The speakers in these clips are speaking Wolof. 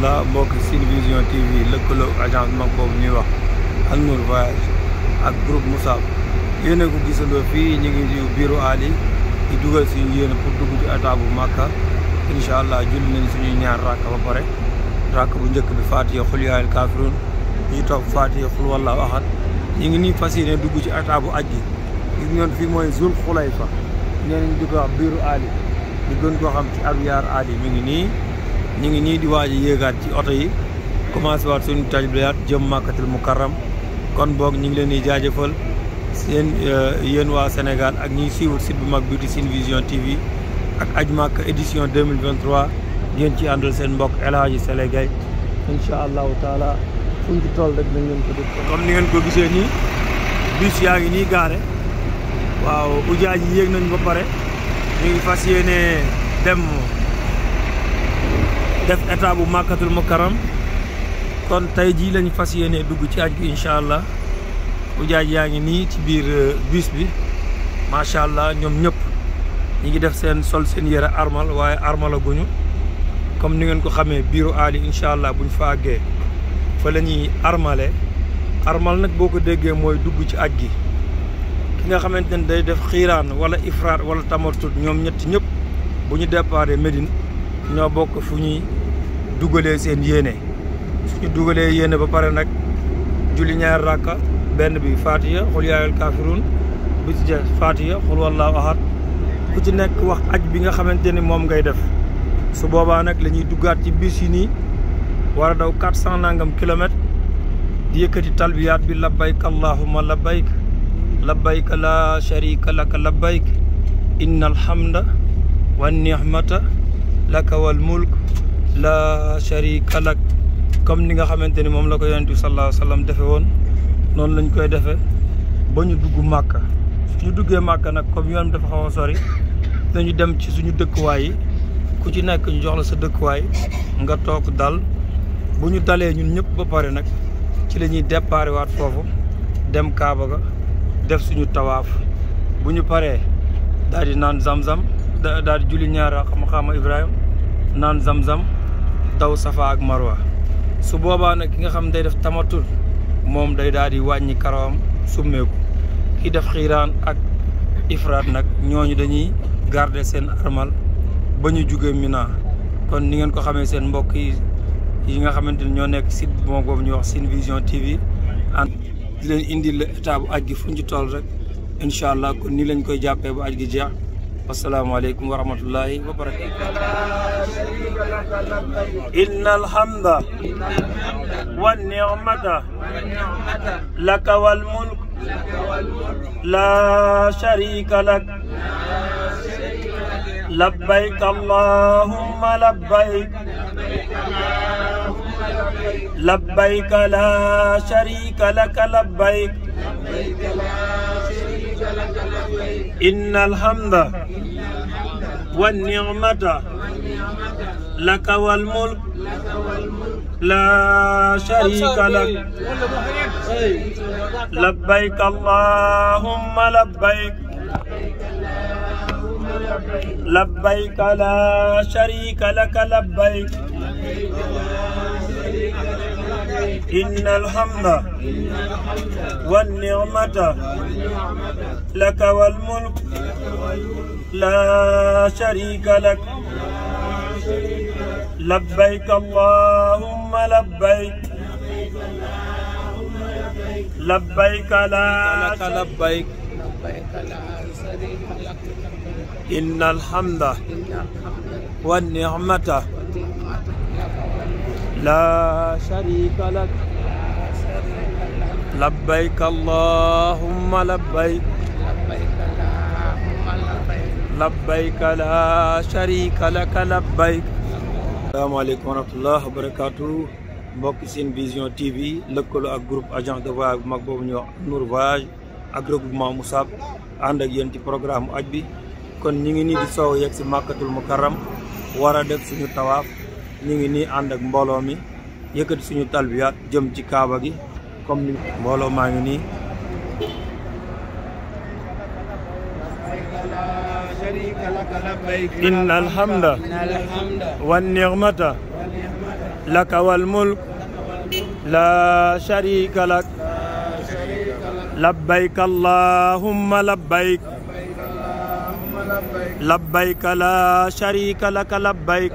rahmatullah mbokk Sine Vision TV lëkkaloo agence mag boobu ñuy wax Al Nour Voyage ak groupe Moussab yéen a ko gisandoo fii ñu ngi ci biiru aal yi di dugal si yéen pour dugg ci état bu Makka incha allah julli nañ suñuy ñaar rakk ba pare rakk bu njëkk bi Fatiha xul yaayil kaafiruun ñuy toog Fatiha xul walla waxat ñu ngi nii fas yéene dugg ci état bu aj gi gis ngeen fii mooy Zul Xulayfa nee nañ di ko wax biiru aal yi ñu gën koo xam ci ab yaar yi mi ngi nii. ñu ngi nii di waaj a yéegaat ci oto yi commencé waat suñu tajbiyaat jëm màkkatul mukarram kon boog ñu ngi leen di jaajëfal seen euh, yéen waa Sénégal ak ñiy suivre site bu mag bi di Sine Vision TV ak aj Makka édition 2023 ngeen ci àndal seen mbok El Hadji Sele Gueye incha allahu taala fu ñu ci toll rek nañ leen ko dégg ni ngeen ko gisee nii bus yaa ngi nii gaare waaw ujaaj yi yéeg nañ ba pare ñu ngi fas yéene dem def état bu makatul mukarram kon tay ji lañ fasiyene dugg ci aj bi incha allah ujaaj yaa ngi ci bir euh, bus bi machallah ñom ñep ñi ngi def sen sol sen yere armal waaye guñu comme ni ngeen ko xamé biiru ali inshallah buñ fa àggee fa lañi armalé armal nak boko déggé moy dugg ci aj gi ki nga xamantene day def khiran wala ifrar wala tamartut ñom ñet ñep buñu départé medine ñoo bokk fu ñuy dugalee seen yéene su ñu dugalee yéene ba pare nag julli ñaar rakka benn bi fatiha xul yaayul kaafiruun bi ci des fatiha xul wallaahu ahad ku ci nekk wax aj bi nga xamante ni moom ngay def su boobaa nag la ñuy duggaat ci bis yi nii war a daw quatre cent nangam kilomètres di yëkkati talbiyaat bi labbayk allahumma labbayk labbayk laa sharika laka labbayk inna alhamda wa nihmata laka wal mulk la sharika lak comme ni nga xamante ni moom la ko yonent bi sallallahu alayhi wa sallam defe woon noonu lañu koy defee ba ñu dugg màkka ñu duggee màkka nag comme yoon dafa xaw a sori dañu dem ci suñu dëkkuwaay yi ku ci nekk ñu jox la sa dëkkuwaay nga toog dal bu ñu dalee ñun ñëpp ba pare nag ci lañuy ñuy waat foofu dem Kaaba ga def suñu tawaaf bu ñu paree daal naan zam-zam daal di julli ñaara xam-xama Ibrahima naan zam-zam daw safa ak marwa su boobaa nag ki nga xam day def tamatul moom day daal di wàññi karawam summeeku ki def xiiraan ak ifraat nag ñooñu dañuy garde seen armal ba ñu jugee minaa kon ni ngeen ko xamee seen mbokk yi yi nga xamante ni ñoo nekk site moom boobu ñuy wax Sine Vision TV an di leen indil la état bu aj gi fu tool ci rek incha allah kon nii lañ koy jàppee bu aj gi jeex والسلام عليكم ورحمة الله وبركاته إن الحمد والنعمة لك والملك لا شريك لك لبيك اللهم لبيك لبيك لا شريك لك لبيك لبيك لا شريك لك لبيك إن الحمد والنعمة لك والملك لا شريك لك لبيك اللهم لبيك لبيك لا شريك لك لبيك إن الحمد والنعمة لك والملك لا شريك لك لبيك اللهم لبيك لبيك لا لبيك إن الحمد والنعمة لا شريك لك لبيك اللهم لبيك لبيك لا شريك لك لبيك السلام عليكم ورحمة الله وبركاته mbokk seen vision TV lëkkaloo ak groupe agent de voyage bu mag boobu ñuy wax Nour Voyage ak regroupement Moussab ànd ak yéen ci programme aj bi kon ñi ngi nii di soow yegg si màkkatul mukarram war a def suñu tawaaf ñi ngi ni and ak mbolo mi yëkëti suñu talbiya jëm ci kaaba gi comme ni mbooloo maa ngi nii إن الحمد والنعمة لك والملك لا شريك لك لبيك اللهم لبيك لبيك لا شريك لك لبيك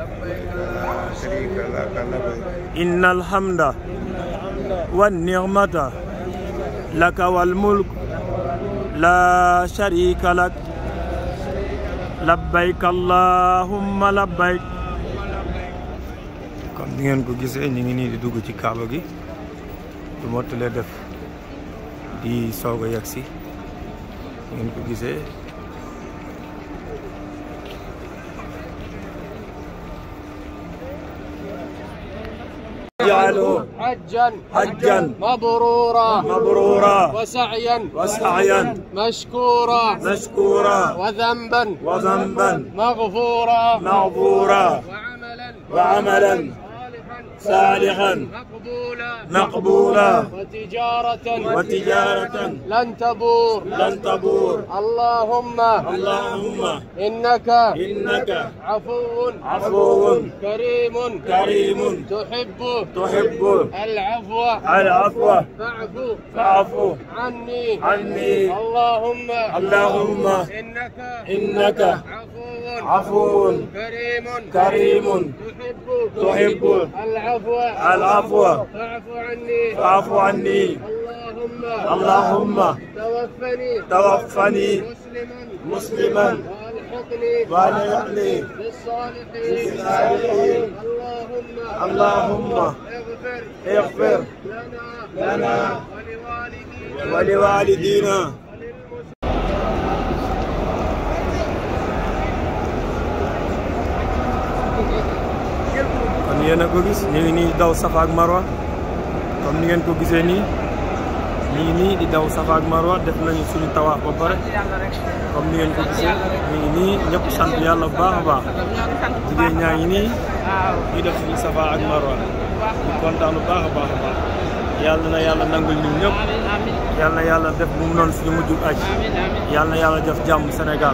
إن الحمد والنعمة لك والملك لا شريك لك labbayk allahumma labbayk comme ni ngeen ko gisee ñu ngi nii di dugg ci kaaba gi du mottalee def di soog a yegg si ngeen ko gisee فعلوه حجا حجا مبرورا مبرورا وسعيا وسعيا مشكورا مشكورا وذنبا وذنبا مغفورا مغفورا وعملا وعملا صالحا مقبولا مقبولا وتجارة وتجارة لن تبور لن تبور اللهم اللهم إنك إنك عفو عفو كريم كريم تحب تحب العفو العفو فاعفو فاعفو عني عني اللهم اللهم إنك إنك عفو عفو كريم كريم تحب تحب العفو العفو العفو اعف عني اعف عني اللهم اللهم توفني توفني مسلما مسلما والحقني والحقني بالصالحين اللهم اللهم اغفر اغفر لنا لنا ولوالدينا yena iya, ko gis ñu ni di daw safa ak marwa comme ni ngeen ko gisee ni ñu ni di daw safa ak marwa def nañu suñu tawaf ba bare comme ni ngeen ko gisee ñu ni ñepp sant yalla bu baax a baax jigéen ñaa ñay ni di def suñu safa ak marwa ñu kontaan bu baax baax yalla na yalla nangul ñu ñepp yalla na def bu mu non suñu mujju aj yalla na def jamm senegal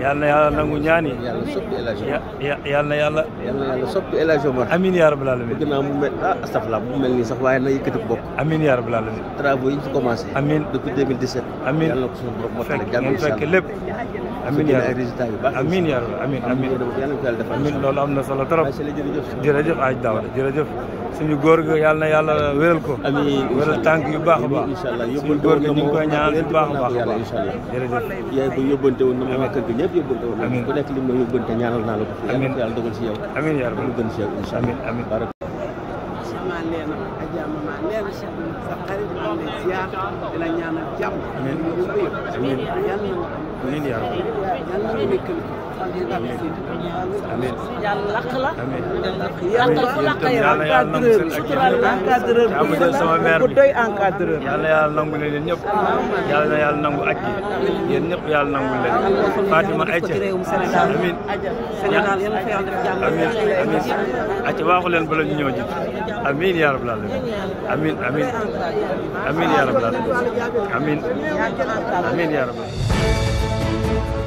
yal na yàlla nangu ñaan yi. yal na soppi El Hadj Omar. yal na yàlla. yal na yàlla soppi El Hadj Omar. amiin yaa rabbal aalamiin. bëgg naa mu mel ah astafurlah mu mel nii sax waaye na yëkkati ko bopp. amiin yaa rabbal aalamiin. travaux yi ñu commencé. amiin depuis 2017. amiin yal na ko suñu borom mottali jàmm incha allah fekk lépp. amiin yaa rabbal résultat yu baax. amiin yaa rabbal amiin amiin. yal na ko yàlla defal amiin loolu am na solo trop. jërëjëf jërëjëf Aj Daawda jërëjëf suñu góor gi yàlla na yàlla wéral ko. amiin wéral tànk yu baax a baax. incha allah suñu góor gi ñu ngi koy ñaanal bu baax a baax. incha allah jërëjëf. yaa ngi ko yóbbante woon na ma waa kër gi ñëpp yóbbante woon. amiin ku li mu yóbbante si yow. amiin yàlla dogal gën si yow amiin yàlla lakk la. yàlla fu lakk yàlla encadreur sutural encadreur bu doy encadreur. yàlla yàlla nangu leen ñëpp. yàlla na yàlla nangu ak yi yéen ñëpp yàlla nangu leen. Fatima Aïcha amiin. Sénégal yàlla fa yàlla def jàmm. amiin amiin acca waaxu leen bala ñu ñëw ji amiin yaa rabbal aalamiin amiin amiin amiin yaa rabbal aalamiin amiin amiin yaa rabbal aalamiin